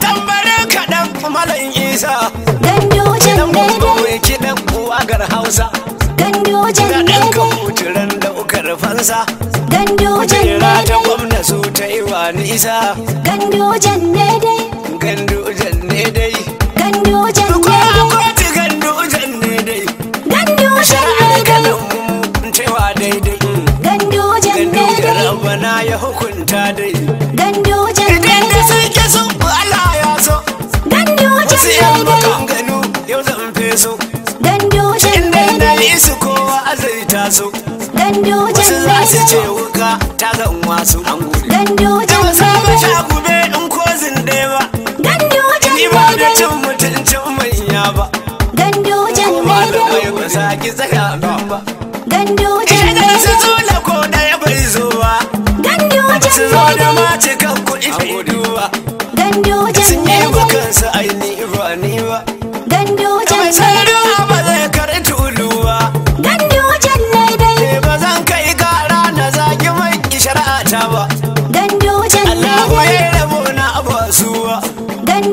Tambarin bare kaɗan malam isa dan bambo kiɗan wagar hausa da ɗan kamuturan da ukar fansa kujera ta gwamna su ta yi wa nisa gandojan ne dai ne dai ne dai taso wasu za su ce wuka ta ga in wasu an gode ba sha gube in ko zinde ba ni ba da cin mutuncin manya ba ba da ba sa ki ba su zo ko da ya bai zo ba su zo da ma cikan kuɗi bai duba sun yi bakansu aini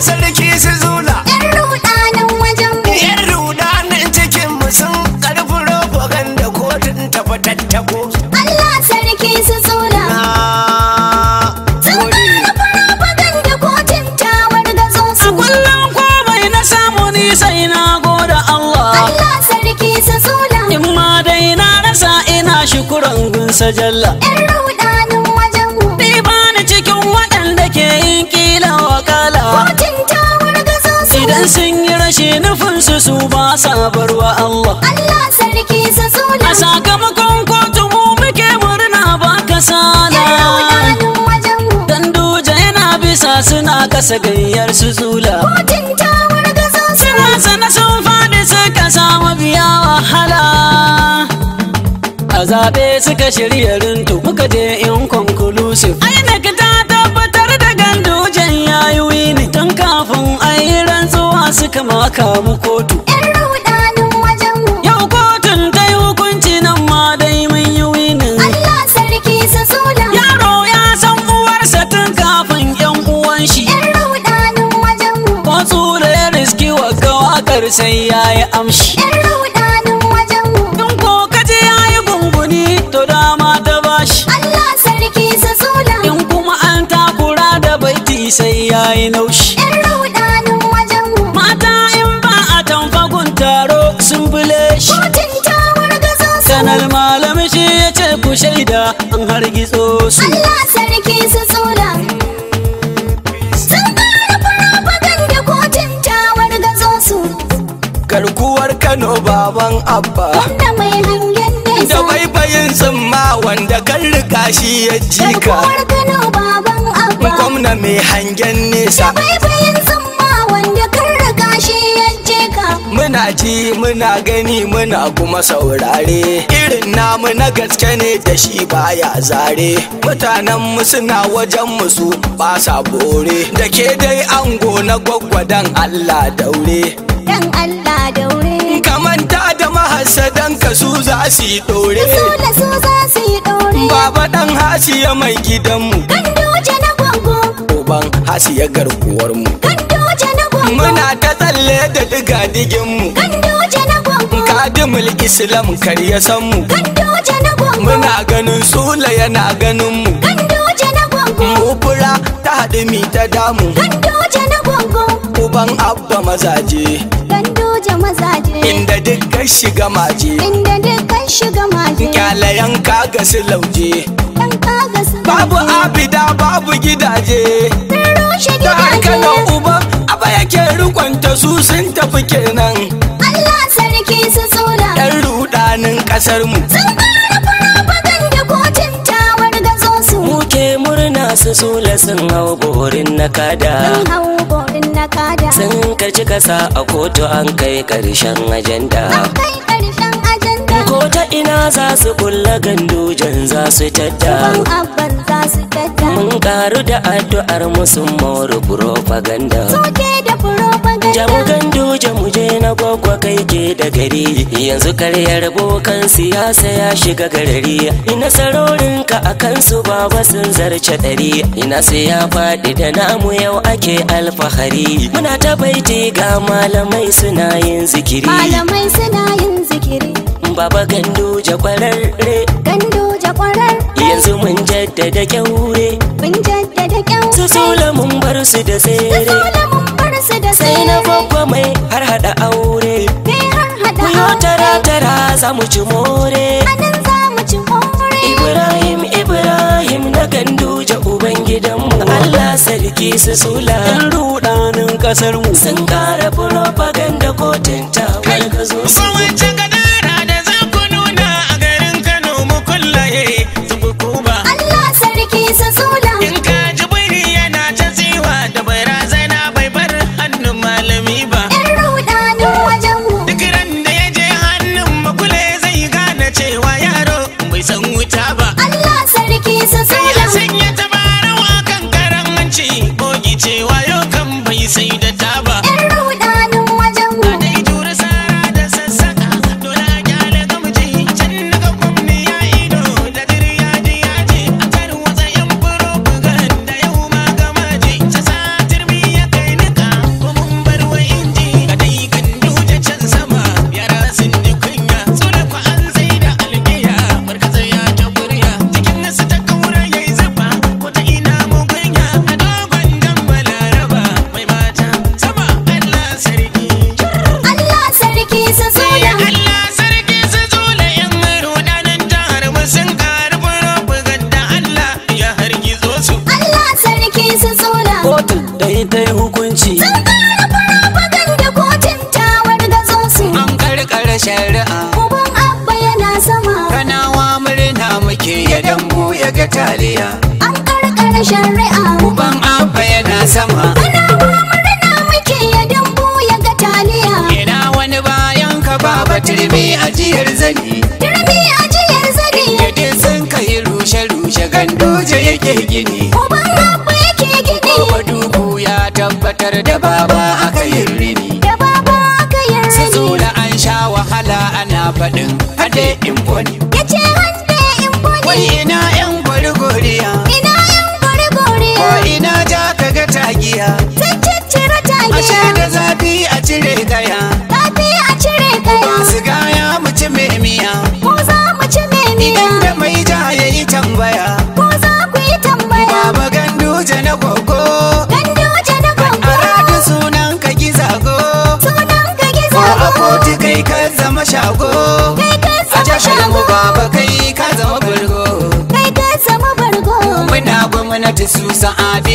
sarki su zula yar rudanin wajen mu yar rudanin cikin mu sun karfi propaganda kotun ta fatattako Allah sarki su zula Sun kotun. su. A kullum Sai na goda Allah Allah sarki su zula In ma dai na rasa ina shukuran gunsa jalla idan sun yi rashe nufin su ba sa barwa Allah Allah sarki sa zuna. a sakamakon kotu mu muke murna ba kasala dan doja yana bisa suna kasa gayyar su zula kotun ta suna sana sun faɗi suka samu biya wahala a zaɓe suka shirya rintu muka je in conclusive aka maka mu kotu yan rudanin wajen mu yau kotun ta yi hukunci nan ma dai mun yi winin Allah sarki su zula. yaro ya san uwarsa tun kafin yan uwan shi yan rudanin wajen mu ko tsura ya riski wa gawakar sai ya yi amshi yan rudanin wajen mu in ko kaji ya yi gunguni to dama ta bashi Allah sarki su zula. in kuma an takura da baiti sai ya yi naushi shaida an hargitso su Allah sarki su tsora sun fara farafagan da kotun tawar gazo su garkuwar Kano baban Abba wanda mai hangen nesa da baibayin tsimma wanda kan rika shi ya jika garkuwar Kano baban Abba gwamna mai hangen nesa da baibayin tsimma muna ji muna gani muna kuma saurare irin namu na gaske ne da shi baya zare mutanen mu suna wajen musu ba sa bore da ke dai ango na gwaggwadan Allah daure dan Allah daure kamanta da mahasadan ka su za su yi dore su za su dore baba dan hasiya mai gidanmu kan doje na gwangwo uban hasiya garkuwar mu kan muna ta tsalle da diga digin mu mulki islam kar ya san mu muna ganin sula yana ganin mu mu fura ta haɗu mi ta damu uban abba mazaje mazaje inda dukkan shiga maje inda dukkan shiga maje kaga su lauje babu abida babu gidaje ta rushe gidaje uban yan rikonta su sun tafi kenan Allah sarki su tsura ɗan rudanin kasar mu sun fara fara da kotun tawar gazo su muke murna su sula sun hau gorin nakada sun hau gorin nakada sun kaci kasa a kotu an kai karshen ajanda an kai karshen ajanda ko ina za su kulla gandujan za su tadda abban za su tadda mun karu da addu'ar musu moro propaganda so ke jamu gando jamu je na gwagwa kai ke da gari yanzu karyar bokan siyasa ya shiga garari ina sarorin ka akan su baba sun zarce dari ina sai ya faɗi da namu yau ake alfahari muna ta baiti ga malamai suna yin zikiri malamai suna yin zikiri baba gando ja kwararre gando ja kwararre yanzu mun jaddada kyaure mun jaddada kyaure su sola mun bar su da tsere su sola mun bar su da tsere za mu ci za mu ibrahim ibrahim na ja uban gidanmu allah sarki su sula in rudanin kasar mu sun kara propaganda kotun ta wai ka zo shari'a uban abba yana sama ana ba murna muke ya dambu ya ga taliya ina wani bayan ka baba turmi ajiyar zani turmi ajiyar zani yadda sun kai rushe rushe ganduje yake gini uban abba yake gini uba dubu ya tabbatar da baba aka yi rini da baba aka yi rini su zo an sha wahala ana faɗin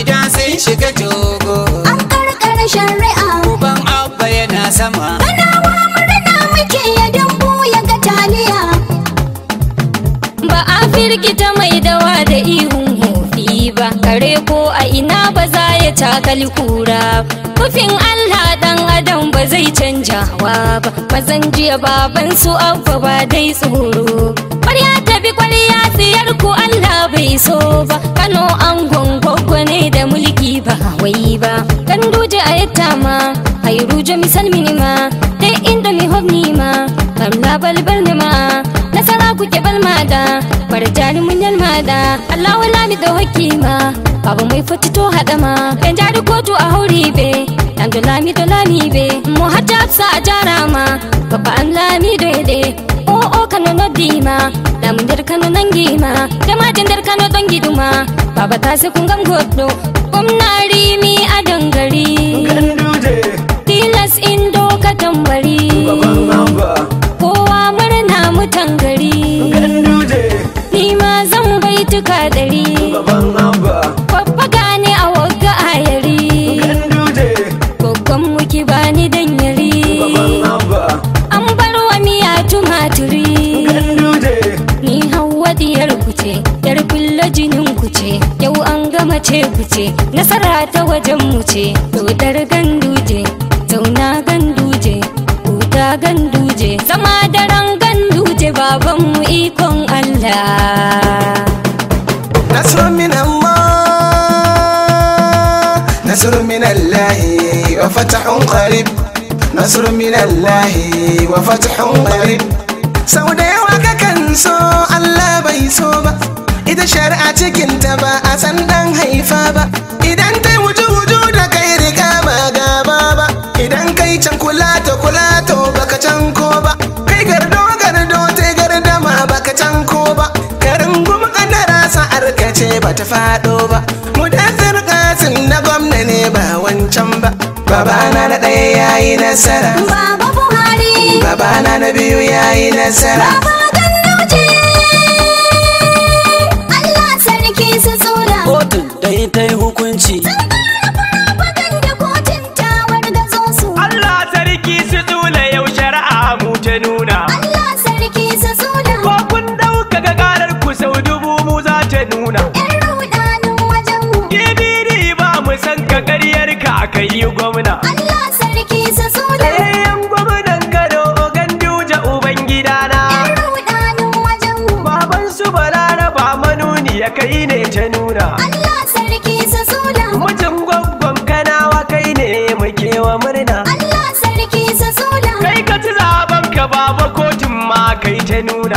gida sun shiga jogo an karkara shari'a uban abba yana sama banawa murna muke ya dambu ya ga taliya ba a firgita mai dawa da ihun hofi ba kare ko a ina ba za ya takali kura kufin allah dan adam ba zai canjawa ba mazan jiya baban su abba ba dai tsoro kwarya tafi kwarya siyar ku allah bai so ba kano angon wai ba dan duje a yatta ma ai ruje misal minima dai inda mi hobni ma kamla balbal ne ma nasara kuke bar jani mun da Allah wala mi da hakima babu mai hada hadama dan jari kotu a hauri be dan dolami dolami be mu hajjabsa a jarama baba an lami dai dima da der kano nan gima da der kano don baba ta sai kun gam goddo mi a dangari tilas in doka tambari kowa murna mu tangari ni ma zan baituka dari cece kuce nasara ta wajen mu ce dodar ganduje zauna ganduje huta ganduje zama daren ganduje baban mu ikon Allah nasrun min Allah nasrun min Allah wa fatahun qarib nasrun min Allah wa fatahun qarib sau da yawa kakan so Allah bai so ba ita shari'a cikin ta ba a san dan haifa ba idan kai wuju wuju da kai riga ba gaba ba idan kai can kula ta kula to baka can ko ba kai gardo gardo ta gardama baka can ko ba Karin gum kadara sa'ar kace ba bata fado ba mudassir kasin na gwamna ne ba wancan ba babana na ɗaya yayi nasara baba buhari babana na biyu yayi nasara baba gannauce kotun dai ta yi hukunci. Allah sarki su tsula yau shari'a mu ta nuna. Allah sarki su tsula. Ko ɗauka ga ku sau dubu mu za ta nuna. Yan ruɗanin wajen mu. Gibiri ba mu san ka ƙaryar ka aka yi gwamna. Allah sarki sa Mutum mijin gwaggon kanawa kai ne muke wa murna Allah sarki sa kai ka ci zaban ka baba kotun ma kai ta nuna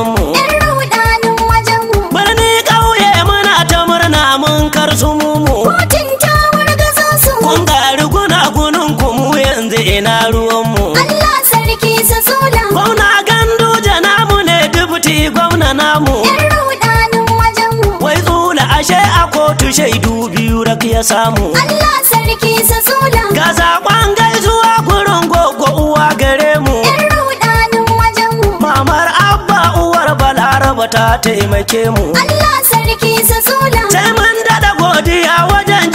da namu wai tsula ashe a kotu shaidu biyu rak ya samu Allah sarki sa tsula gurin gogo uwa gare mu mamar abba uwar balaraba ta taimake mu Allah sarki sai mun dada godiya wajen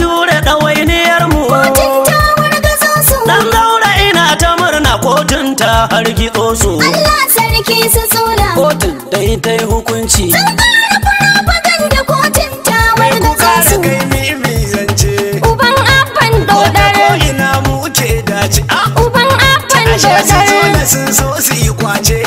argi su Allah sarki su tsuna kotun dai ta yi hukunci sun fara fara da kotun ta wargaza su kai zance uban abban dodar ko ina muke dace uban abban dodar ashe sun so su yi kwace